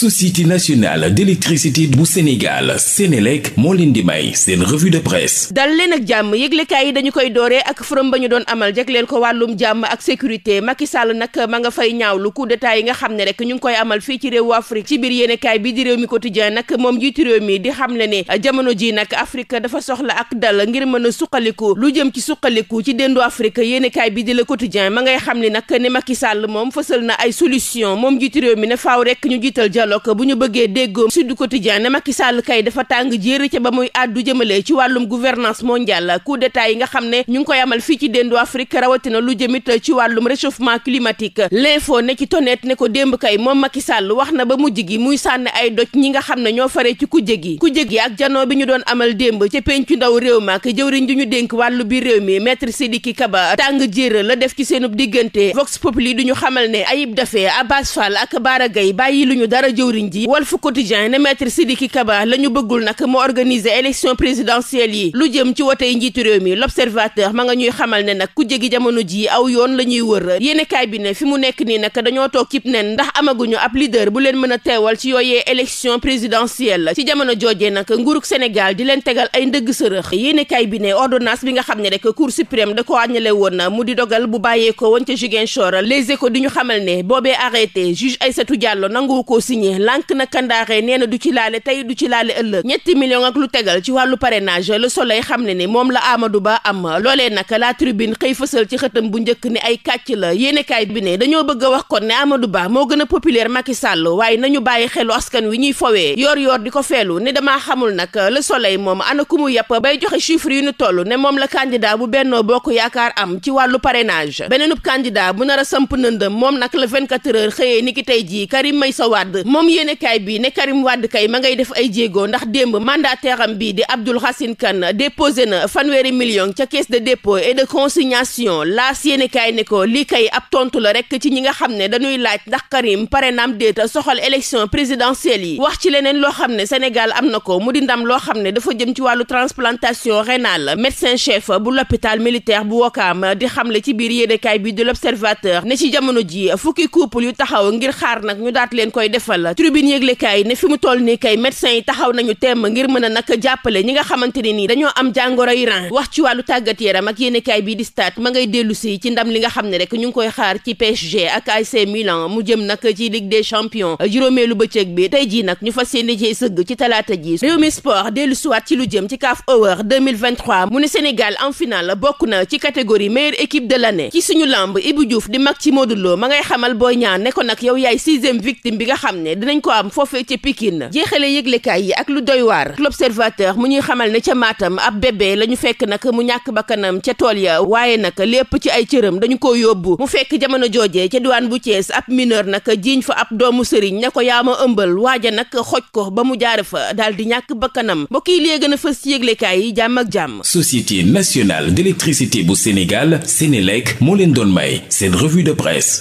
société nationale d'électricité bu Sénégal Sénélec moo leen di may seen revue de presse dal leen ak jàmm yëglekaay yi dañu koy dooree ak forum ba ñu doon amal jagleel ko wàllum jàmm ak sécurité Macky Sall ma nga fay ñaaw coup d'état yi nga xam ne rek ñu ngi koy amal fii ci réewu Afrique ci biir yéenekaay bi di réew mi quotidien nag moom jiitu réew mi di xam le ne jamono ji nag Afrique dafa soxla ak dal ngir mën a suqaliku lu jëm ci suqaliku ci déndu Afrique yéenekaay bi di le quotidien ma ngay xam ni nag ne Macky Sall moom fësal na ay solution moom jiitu réew mi dialogue bu ñu bëggee déggoo Sud Quotidien ne Macky Sall kay dafa tàng jéeri ca ba muy àddu jëmale ci wàllum gouvernance mondiale coup d'état yi nga xam ne ñu ngi koy amal fii ci déndu Afrique rawatina lu jëmit ci wàllum réchauffement climatique l'info ne ci tonet ne ko démb kay moom Macky sàll wax na ba mu mujj gi muy sànni ay doj ñi nga xam ne ñoo faree ci kujje gi kujje gi ak janoo bi ñu doon amal démb ca penc ndaw réew ma ak jëwriñ ju ñu dénk wàllu bi réew mi maître Sidiki Kaba tàng jéer la def ci seenub diggante Vox Populi du ñu xamal ne Ayib Daffé Abbas ak jëwriñ ji Walf Quotidien ne maître Sidiki Kaba la bëggul nag mu organiser élection présidentielle yi lu jëm ci wotey njiitu réew mi l'observateur ma nga ñuy xamal ne nag ku jégi jamono ji aw yoon la ñuy wër yéenekaay bi ne fi mu nekk nii nag dañoo toog cib nen ndax amaguñu ab leader bu leen mën a teewal ci yooyee élection présidentielle ci jamono joojee nag nguurug Sénégal di leen tegal ay ndëgg sërëx yéenekaay bi ne ordonnance bi nga ñi lànk na kandaaxee nee na du ci laale tey du ci laale ëllëg ñetti million ak lu tegal ci wàllu parrainage le soleil xam ne ni moom la Amadou Ba am loolee nag la tribune xëy fësal ci xëtam bu njëkk ni ay kàcc la yéenekaay bi ne dañoo bëgg wax kon ne Amadou Ba moo gën a populaire Macky Sall waaye nañu bàyyi xelu askan wi ñuy fowee yoor yoor di ko feelu ne damaa xamul nag le soleil moom ana ku mu yàpp bay joxe chiffre yu nu toll ne moom la candidat bu bennoo bokk yaakaar am ci wàllu parrainage beneenub candidat bu nar a samp nëndëm moom nag le 24 heures xëyee ni ki tey jii kar may Meïssa Wade moom yéenekaay bi ne Karim Wade kay ma ngay def ay jéego ndax démb mandataire am bii di Abdoul Racine Kane déposé na fanweeri million ca caisse de dépôt et de consignation laas yéenekaay ne ko lii kay ab tontu la rek ci ñi nga xam ne dañuy laaj ndax Karim pare naam déeta soxal élection présidentielle yi wax ci leneen loo xam ne Sénégal am na ko mu di ndam loo xam ne dafa jëm ci wàllu transplantation rénale médecin chef bu l'hôpital militaire bu Wakaam di xamle ci biir yéenekaay bi de l'Observateur ne ci jamono ji fukki couple yu taxaw ngir xaar nag ñu daat leen koy defal yàlla tribune yëglekaay ne fi mu toll nii kay médecins yi taxaw nañu temm ngir mën a nag jàppale ñi nga xamante ne nii dañoo am jàngoroy rein wax ci wàllu tàggat yaram ak yéenekaay bii di stade ma ngay dellu si ci ndam li nga xam ne rek ñu ngi koy xaar ci PSG ak AC Milan mu jëm nag ci Ligue des champions juróomeelu bëccëg bi tey jii nag ñu fas yéene ci sëgg ci talaata ji Rewmi Sport dellu siwaat ci lu jëm ci CAF Awards 2023 mu ne Sénégal en finale bokk na ci catégorie meilleure équipe de l'année ci suñu lamb Ibou Diouf di mag ci Modou Lo ma ngay bi nga xam ne dinañ ko am foofee ca Pikine jeexale yëglekaay yi ak lu doy waar l'observateur mu ñuy xamal ne ca maatam ab bébé la ñu fekk nag mu ñàkk bakkanam ca tool ya waaye nag lépp ci ay cëram dañu ko yóbbu mu fekk jamono joojee ca diwaan bu Thiès ab mineur nag jiiñ fa ab doomu sëriñ ne ko yaama ëmbal waaja nag xoj ko ba mu jaare fa daal di ñàkk bakkanam mbokk yi lee gën a fës ci yëglekaay yi jàmm ak jàmm Société nationale d'électricité bu Sénégal Sénélec moo leen doon may seen revue de presse